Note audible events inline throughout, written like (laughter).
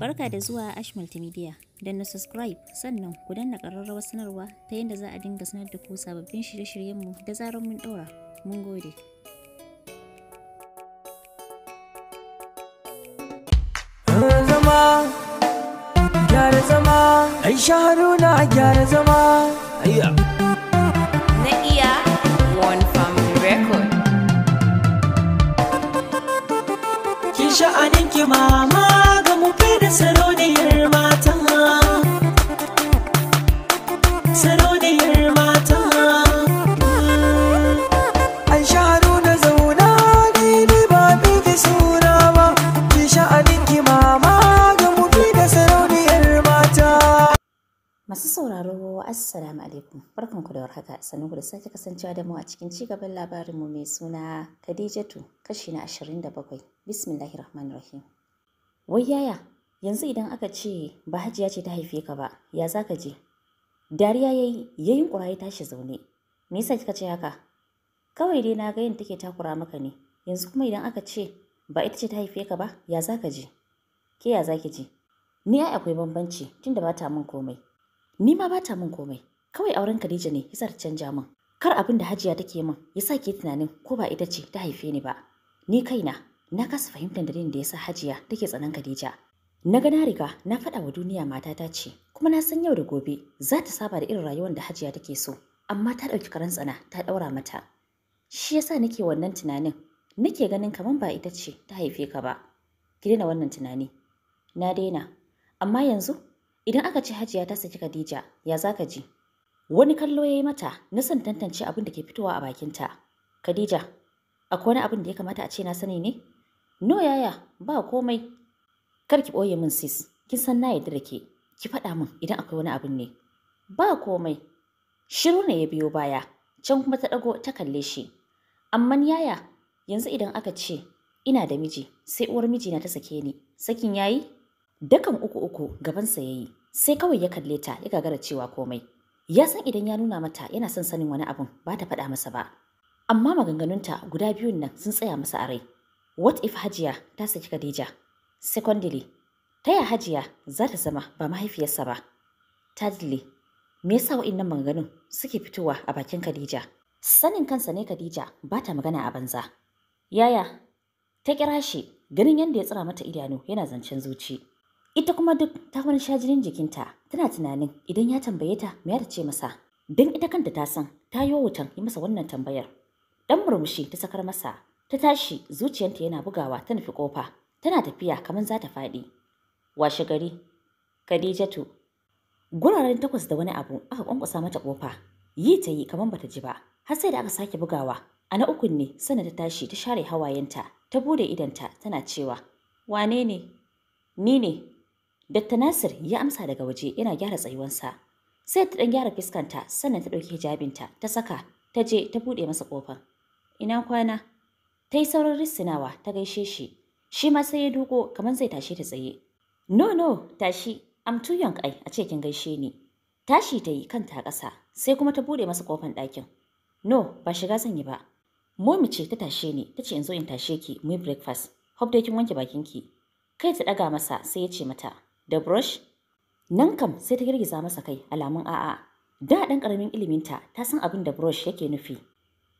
Barka da zuwa Ash Multimedia. Don na subscribe sannan ku danna ƙararrawar sanarwa ta yadda za a dinga sanar da ku sababbin shirye-shiryenmu da zarar mun ɗora. Mun gode. Zama, gyara zama, Aisha Haruna gyara zama. Na iya One Family Record. Kin mama. sarauniyar mata sarauniyar mata an sha haruna zauna ni ba bi ki suna ba ki sha'anin ki mama ga mutu da sarauniyar mata masu sauraro assalamu alaikum barkanku da warhaka sannan ku da sake kasancewa da mu a cikin cigaban labarinmu mai suna Khadijatu kashi na ashirin 27 bismillahirrahmanirrahim Wai yaya yanzu idan aka ce ba hajiya ce ta haife ka ba ya za ka je dariya ya yi ya yunkura ya tashi zaune me yasa kika ce haka kawai dai na ga yin take takura maka ne yanzu kuma idan aka ce ba ita ce ta haife ka ba ya za ka je ke ya za ki je ni ai akwai bambanci tunda ba ta min komai ni ma ba ta min komai kawai auren Khadija ne yasa ta canja min kar abin da hajiya take min yasa ke tunanin ko ba ita ce ta haife ni ba ni kaina na kasa fahimtar dalilin da yasa hajiya take tsanan Khadija Na ga na riga na faɗa wa duniya ta ce, kuma na san yau da gobe za ta saba da irin rayuwar da hajiya take so, amma ta ɗauki karan tsana ta ɗaura mata. Shi yasa nake wannan tunanin, nake ganin kamar ba ita ce ta haife ka ba. Ki daina wannan tunani. Na daina. Amma yanzu, idan aka ce hajiya ta saki Khadija, ya za ka ji? Wani kallo ya yi mata na san tantance abin da ke fitowa a bakinta. Khadija, akwai wani abin da ya kamata a ce na sani ne? No yaya, ba komai, kar ki ɓoye min sis kin san na yadda da ke ki faɗa min idan akwai wani abin ne ba komai shiru ne ya biyo baya can kuma ta ɗago ta kalle shi amman yaya yanzu idan aka ce ina da miji sai uwar mijina ta sake ni sakin yayi dakan uku uku gabansa yayi sai kawai ya kalle ta ya gagara cewa komai ya san idan ya nuna mata yana son sanin wani abun ba ta faɗa masa ba amma maganganunta guda biyun nan sun tsaya masa a rai what if hajiya ta saki Khadija Secondly, ta ya hajiya za ta zama ba mahaifiyarsa ba? Thirdly, me yasa wa'innan maganganun suke fitowa a bakin Khadija? Sanin kansa ne Khadija ba ta magana a banza. Yaya, ta kira shi ganin yadda ya tsira mata idanu yana zancen zuci. Ita kuma duk ta wani sha jinin jikinta tana tunanin idan ya tambaye ta me ya ce masa. Don ita kanta ta san ta yi wutan yi masa wannan tambayar. Dan murmushi ta sakar masa ta tashi zuciyarta yana bugawa ta nufi kofa. tana tafiya kamar za ta faɗi. Washe gari, Khadijatu. Guraren takwas da wani abu aka kwankwasa mata ƙofa, yi ta yi kamar bata ji ba, har sai da aka sake bugawa. A na ukun ne sana ta tashi ta share hawayenta, ta bude idanta tana cewa, Wane ne? Ni ne. Dr. Nasir ya amsa daga waje yana gyara tsayuwansa. Sai ta ɗan gyara fuskanta sannan ta ɗauki hijabinta ta saka ta je ta buɗe masa ƙofar. Ina kwana? Ta yi saurin rissinawa ta gaishe shi Shi ma sai ya duko kamar zai tashi ta tsaye. No no tashi am too young ai a ce kin gaishe ni. Tashi ta yi kanta ƙasa sai kuma ta bude masa kofan ɗakin. No ba shiga zan yi ba. Momi ce ta tashe ni ta ce in zo in tashe ki mu breakfast. Hope dai kin wanke bakin ki. Kai ta ɗaga masa sai ya ce mata da brush Nan kam sai ta girgiza masa kai alamun a'a. Da ɗan ƙaramin iliminta ta san abin da brush yake nufi.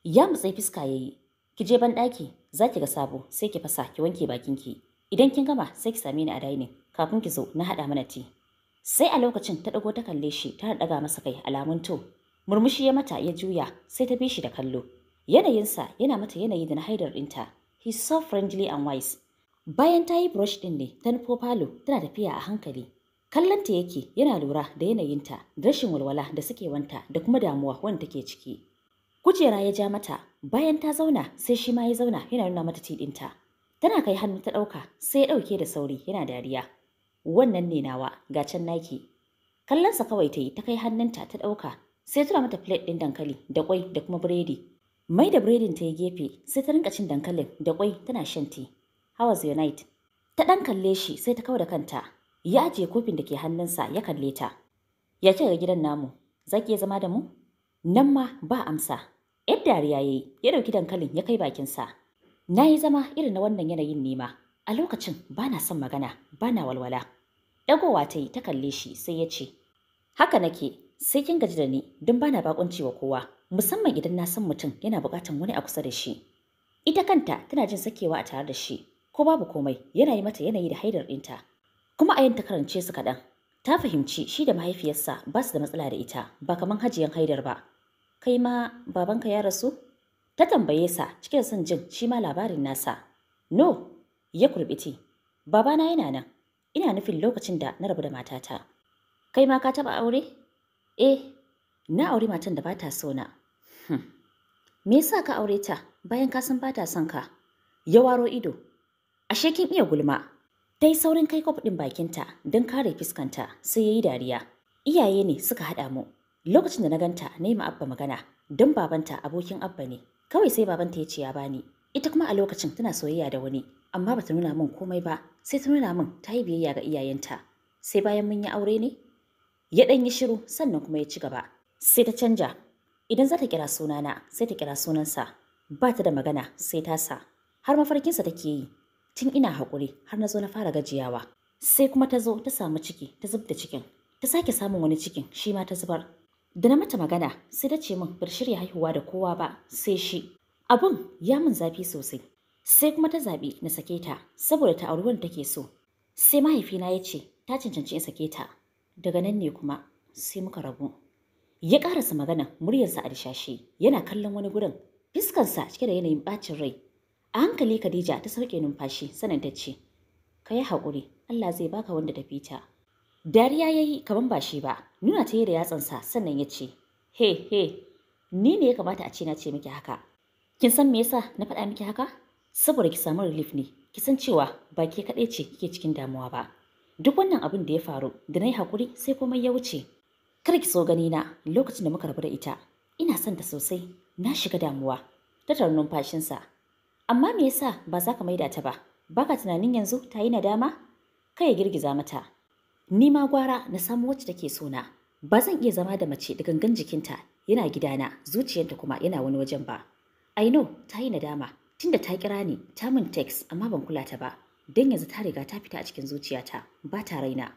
Ya mutse fiska yayi ki je ban daki za ki ga sabo sai ki fasa ki wanke bakin ki idan kin gama sai ki same ni a dining kafin ki zo na haɗa mana ti sai a lokacin ta ɗago ta kalle shi ta daga masa kai alamun to murmushi ya mata ya juya sai ta bi shi da kallo yanayinsa yana mata yanayi da na haidar ɗinta He so friendly and wise bayan ta yi brush din ne ta nufo falo tana tafiya a hankali kallonta yake yana lura da yanayinta da rashin walwala da suke wanta da kuma damuwa wanda take ciki kujera ya ja mata Bayan ta zauna sai shi ma ya zauna yana nuna mata tiɗinta. Tana kai hannu ta ɗauka sai ya ɗauke da sauri yana dariya. Wannan ne nawa ga can naki. Kallonsa kawai ta yi ta kai hannunta ta ɗauka sai tura mata plate ɗin dankali da kwai da kuma biredi. Mai da biredin ta yi gefe sai ta rinka cin dankalin da kwai tana shan tea. Hawa Unite. Ta ɗan kalle shi sai ta kawo da kanta. Ya ajiye kofin da ke hannunsa ya kalle ta. Ya ga gidan namu, za ki zama da mu? Nan ma ba amsa. Yar dariya ya yi, ya ɗauki dankalin ya kai bakinsa. Na yi zama irin na wannan yanayin nema. A lokacin ba na son magana, ba na walwala. Dagowa ta yi ta kalle shi sai ya ce, Haka nake, sai kin gaji da ni don ba na bakunci wa kowa, musamman idan na san mutum yana buƙatan wani a kusa da shi. Ita kanta tana jin sakewa a tare da shi, ko babu komai yana yi mata yanayi da haidar ɗinta. Kuma a ta karance su kaɗan, ta fahimci shi da mahaifiyarsa ba su da matsala da ita, ba kamar hajiyan haidar ba, kai ma babanka ya rasu? Ta tambaye sa cikin son jin shi ma labarin nasa. No, ya kurbiti. Babana yana nan. Ina nufin lokacin da na rabu da matata. Kai ma ka taba aure? Eh, na aure matan da bata so na. Hmm. Me yasa ka aure ta bayan ka san bata son ka? Ya waro ido. Ashe kin iya gulma. Ta yi saurin kai kofin ɗin bakinta don kare fuskanta sai ya yi dariya. Iyaye ne suka haɗa mu. Lokacin da na ganta na yi Abba magana don babanta abokin Abba ne. Kawai sai babanta ya ce ya bani. Ita kuma a lokacin tana soyayya da wani amma bata nuna min komai ba sai ta nuna min ta yi biyayya ga iyayenta. Sai bayan mun yi aure ne? Ya ɗan yi shiru sannan kuma ya ci gaba. Sai ta canja. Idan za ta kira sunana sai ta kira sunansa. Ba ta da magana sai ta sa. Har mafarkinsa take yi. Tun ina haƙuri har na zo na fara gajiyawa. Sai kuma ta zo ta samu ciki ta zub da cikin. Ta sake samun wani cikin shi ma ta zubar Da na mata magana sai ta ce min bar shirya haihuwa da kowa ba sai shi. Abun ya min zafi sosai. Sai kuma ta zaɓi na sake ta saboda ta auri wanda take so. Sai mahaifina ya ce ta cancanci ya sake ta. Daga nan ne kuma sai muka ragu? Ya ƙarasa magana muryarsa a dishashe yana kallon wani gurin Fiskansa cike da yanayin bacin rai. A hankali Khadija ta sauke numfashi sanin ta ce, Ka yi haƙuri, Allah zai baka wanda ta fita. Dariya ya yi kaman ba shi ba, nuna ta da yatsansa sannan ya ce, He, he, ni ne ya kamata a ce na ce miki haka. Kin san me yasa na faɗa miki haka? Saboda ki samu relief ne, ki san cewa ba ke kaɗai ce kike cikin damuwa ba. Duk wannan abin da ya faru, da na yi haƙuri sai komai ya wuce. Kar ki so gani na lokacin da muka rabu da ita, ina son ta sosai, na shiga damuwa, tatar numfashinsa. Amma me yasa ba za ka maida ta ba? Baka tunanin yanzu ta yi nadama? Kai ya girgiza mata. ni ma gwara na samu wacce take so na ba zan iya zama da mace da gangan jikinta yana gidana zuciyarta kuma yana wani wajen ba i know ta yi nadama tunda ta kira ni ta min text amma ban kula ta ba don yanzu ta riga ta fita a cikin zuciyata ba ta raina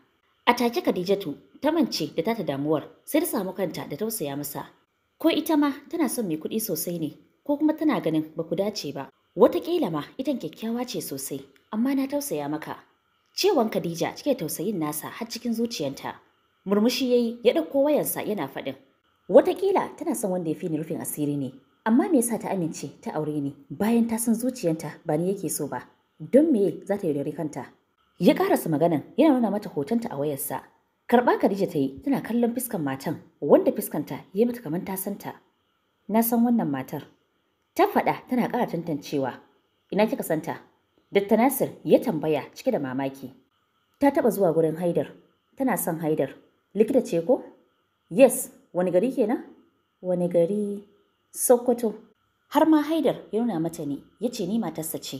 a take Khadijatu ta mance da ta ta damuwar sai ta samu kanta da tausaya masa ko ita ma tana son mai kuɗi sosai ne ko kuma tana ganin ba ku dace ba Wataƙila ma itan kyakkyawa ce sosai, amma na tausaya maka, Cewan Khadija cike tausayin nasa har cikin zuciyarta. Murmushi yayi ya dauko wayarsa yana faɗin. Wataƙila tana son wanda ya fi ni rufin asiri ne, amma me yasa ta amince ta aure ni bayan ta san zuciyarta ba ni yake so ba, don me za ta yaudare kanta. Ya karasa maganan yana nuna mata hotonta a wayarsa. Karɓa Khadija ta yi tana kallon fiskan matan wanda fiskanta ya mata kamar ta santa. Na san wannan matar. Ta faɗa tana ƙara tantancewa. Ina kika santa? Dr. Nasir ya tambaya cike da mamaki. Ta taɓa zuwa gurin Haidar. Tana son Haidar. Likita ce ko? Yes, wani gari kenan? Wani gari Sokoto. Har ma Haidar ya nuna mata ne, ya ce ni matarsa ce.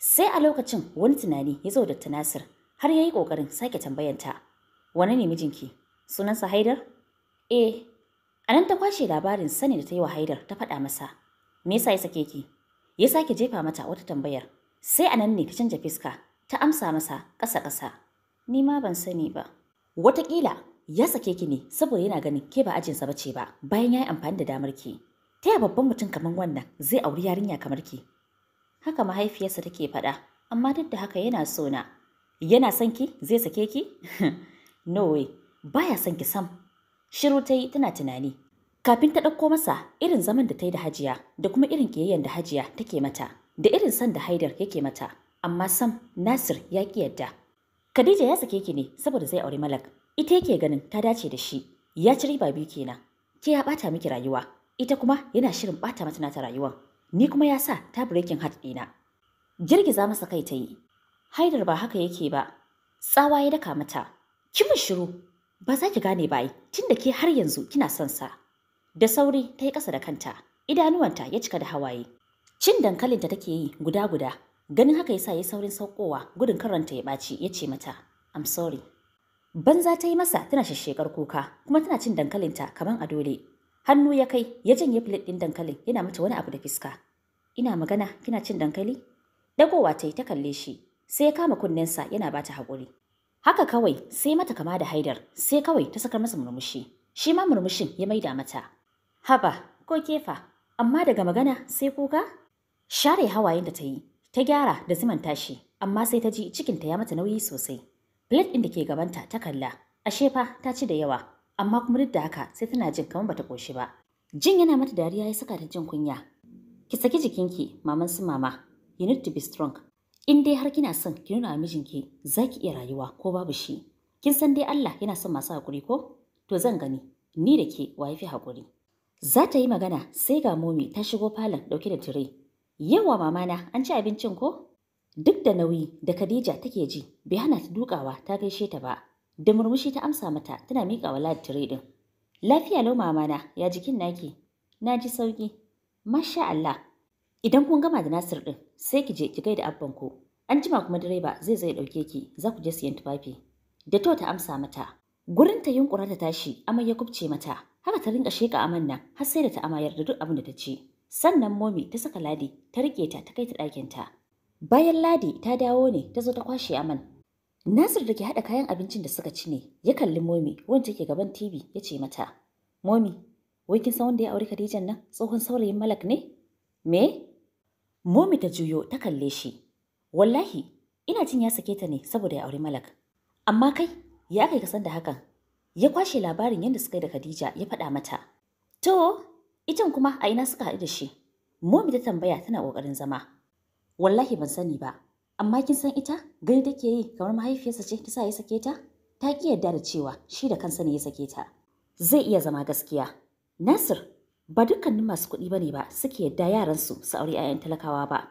Sai a lokacin wani tunani ya zo Dr. Nasir har ya yi ƙoƙarin sake tambayanta. Wani ne mijinki? Sunansa Haidar? Eh, a nan ta kwashe labarin sani da ta yi wa Haidar ta faɗa masa. Me yasa ya sake ki? Ya sake jefa mata wata tambayar. Sai a nan ne ta canja fiska, ta amsa masa ƙasa-ƙasa. Ni ma ban sani ba. Wataƙila ya sake ki ne saboda yana ganin ke ba ajinsa ba ce ba bayan ya yi amfani da damar ki. Ta babban mutum kamar wannan zai auri yarinya kamar ki? Haka mahaifiyarsa take faɗa, amma duk da haka yana so na. Yana son ki zai sake ki? (laughs) no way, baya son ki sam. Shiru ta yi tana tunani, kafin ta ɗauko masa irin zaman da ta yi da hajiya da kuma irin ƙiyayyen da hajiya take mata da irin son da Haidar yake mata, amma sam Nasir ya ki yadda. Khadija ya sake ki ne saboda zai aure Malak. Ita yake ganin ta dace da shi. Ya ci riba biyu kenan. Ke ya bata miki rayuwa. Ita kuma yana shirin bata mata nata rayuwar. Ni kuma ya sa ta breaking heart dina. Girgiza masa kai ta yi. Haidar ba haka yake ba. Tsawa ya daka mata. Ki mun shiru. Ba za ki gane ba tunda ke har yanzu kina son sa. Da sauri ta yi ƙasa da kanta. Idanuwanta ya cika da hawaye. Cin dankalin ta take yi guda-guda, ganin haka yasa ya saurin saukowa gudun karanta ya ɓaci ya ce mata, I'm sorry. Banza ta yi masa tana shashshekar kuka kuma tana cin dankalinta kamar a dole. Hannu ya kai ya janye filet ɗin dankalin yana mata wani abu da fiska. Ina magana kina cin dankali? Dagowa ta yi ta kalle shi sai ya kama sa yana bata haƙuri. Haka kawai sai mata kama da haidar sai kawai ta sakar masa murmushi. Shi ma murmushin ya maida mata. Haba ko kefa amma daga magana sai kuka? Share hawayen da ta yi, ta gyara da zuman tashi, amma sai ta ji cikinta ya mata nauyi sosai. Plate ɗin da ke gabanta ta kalla, ashe fa ta ci da yawa, amma kuma duk da haka sai tana jin kamar bata koshi ba. Jin yana mata dariya ya saka ta jin kunya. Ki saki jikinki, maman su mama. You need to be strong. In dai har kina son ki nuna mijinki za ki iya rayuwa ko babu shi. Kin san dai Allah yana son masu hakuri ko? To zan gani, ni da ke wa fi haƙuri. Za ta yi magana sai ga momi ta shigo falon dauke da tire. Yawa mamana an ci abincin ko? Duk da nauyi da Khadija take ji bai hana ta dukawa ta gaishe ta ba. Da murmushi ta amsa mata tana miƙa wa Ladi tire ɗin. Lafiya lau mamana ya jikin naki? Na ji sauki. Masha Allah. Idan kun gama da Nasir ɗin sai ki je ki gaida abban ku. An jima kuma direba zai zai ɗauke ki za ku je siyan tufafi. Da to ta amsa mata. Gurin ta yunkura ta tashi amma ya kubce mata. Haka ta rinka sheka aman nan har sai da ta amayar da duk abin da ta ci. Sannan momi ta saka ladi ta rike ta ta kai ta ɗakinta. Bayan ladi ta dawo ne ta zo ta kwashe aman Nasir da ke haɗa kayan abincin da suka ci ne ya kalli Momi wanda ke gaban TV ya ce mata, Momi, wai kin san wanda ya auri Khadijan nan tsohon saurayin Malak ne? Me? Momi ta juyo ta kalle shi. Wallahi, ina jin ya sake ta ne saboda ya auri Malak. Amma kai, ya kai ka san da hakan. Ya kwashe labarin yadda suka yi da Khadija ya faɗa mata. To, Itin kuma a ina suka haɗu da shi? Momi ta tambaya tana ƙoƙarin zama. Wallahi ban sani ba, amma kin san ita gani take yi kamar mahaifiyarsa ce ta sa ya sake ta? Ta ki yarda da cewa shi da kansa ne ya sake ta. Zai iya zama gaskiya. Nasir, ba dukkanin masu kuɗi bane ba suke yarda yaransu su aure 'ya'yan talakawa ba.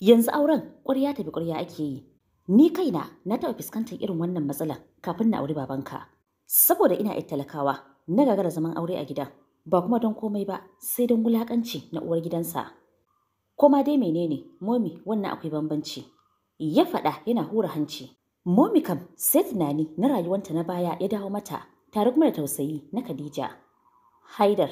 Yanzu auren ƙwarya tafi ƙwarya ake yi. Ni kaina na taɓa fuskantar irin wannan matsalar kafin na auri babanka. Saboda ina yan talakawa, na gagara zaman aure a gidan. ba kuma don komai ba sai don wulakanci na uwar gidansa. Koma dai menene momi wannan akwai bambanci. Ya faɗa yana hura hanci. Momi kam sai tunani na rayuwanta na baya ya dawo mata tare kuma da tausayi na Khadija. Haidar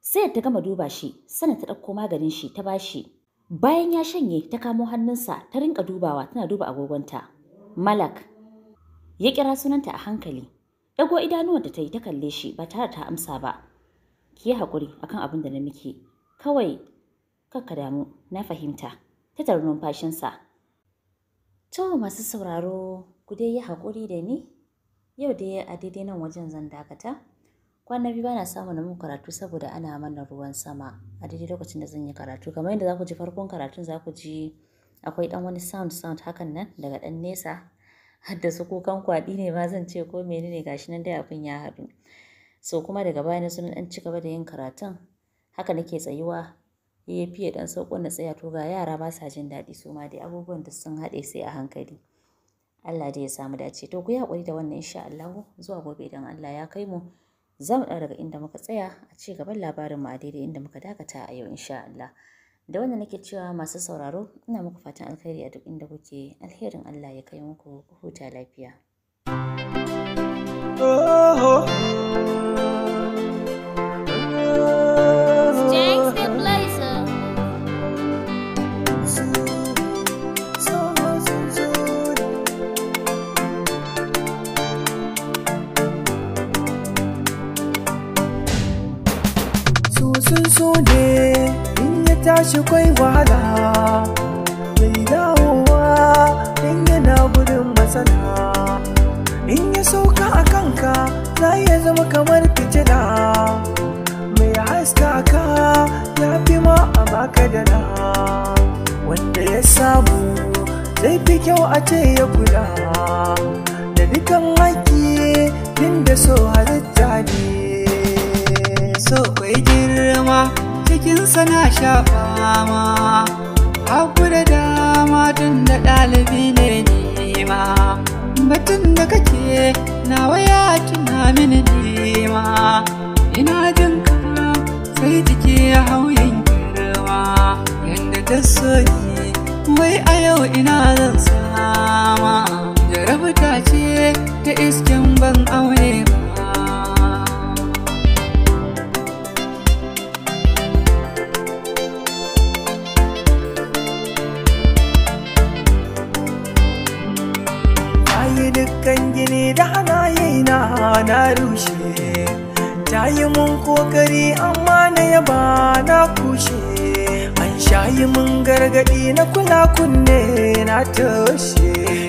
sai ta gama duba shi sannan ta ɗauko maganin shi ta bashi. Bayan ya shanye ta kamo hannunsa ta rinka dubawa tana duba agogonta. Malak ya kira sunanta a hankali. Ɗago idanuwanta ta yi ta kalle shi ba tare ta amsa ba. ki yi haƙuri akan abin da na miki kawai kakka damu na fahimta ta tarin numfashinsa to masu sauraro ku dai yi haƙuri da ni yau dai a daidai nan wajen zan dakata kwana biyu bana samu na mun karatu saboda ana mana ruwan sama a daidai lokacin da zan yi karatu kamar yadda za ku ji farkon karatun za ku ji akwai dan wani sound sound hakan nan daga dan nesa hadda su kukan kwaɗi ne ma zan ce ko menene gashi nan dai abin ya haɗu so kuma daga baya na zo ɗan ci da yin karatun haka nake tsayuwa ya fiye ɗan sauko na tsaya to ga yara ba sa jin daɗi su ma dai abubuwan da sun haɗe sai a hankali Allah dai ya samu dace to ku yi haƙuri da wannan insha Allah zuwa gobe idan Allah ya kai mu za mu daga inda muka tsaya a ci gaban labarin mu a daidai inda muka dakata a yau insha Allah da wannan nake cewa masu sauraro ina muku fatan alheri a duk inda kuke alherin Allah ya kai muku ku huta lafiya thank you sun so ne in ya tashi kwai wahala kamar fitina. mai haska ka ya fi ma a baka da na wanda ya samu zai fi kyau a ce ya kula da dukan haki din da so halitta ne so kai girma cikin sana sha fama haku da dama tun da ɗalibi ne nema batun da kake na waya tuna mini nema ina jin kama sai jike ya hauyin girma yadda ta soki wai a yau ina zan sama jarabta ce ta iskin ban aure ba gida yi na na rushe Tayi yi mun kokari amma na yaba na kushe an shayi mun gargadi na kula kunne na toshe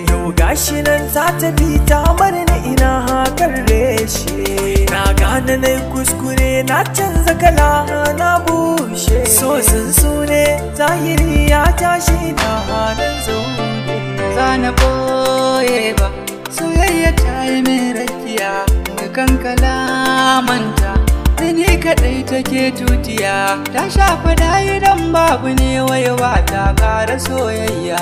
yau gashi nan ta tafi ta bar na ina hakar reshe na gane na kuskure na canza kala na bushe so sun sune zahiri ya tashi na hannun zaune za na boye ba soyayya ta yi mai rakiya da kankala manta da ni kaɗai take tutiya ta shafa dayi don babu ne waiwa ta ƙara soyayya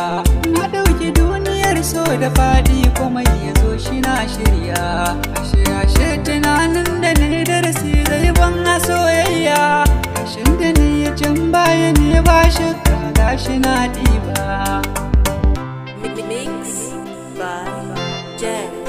na ɗauki duniyar so da faɗi kuma ya zo shi na shirya ashe ashe tunanin da ni darasi zai ban a soyayya ashin da ni ya can baya ne ba shakka gashi na ɗiba Mix by Yeah.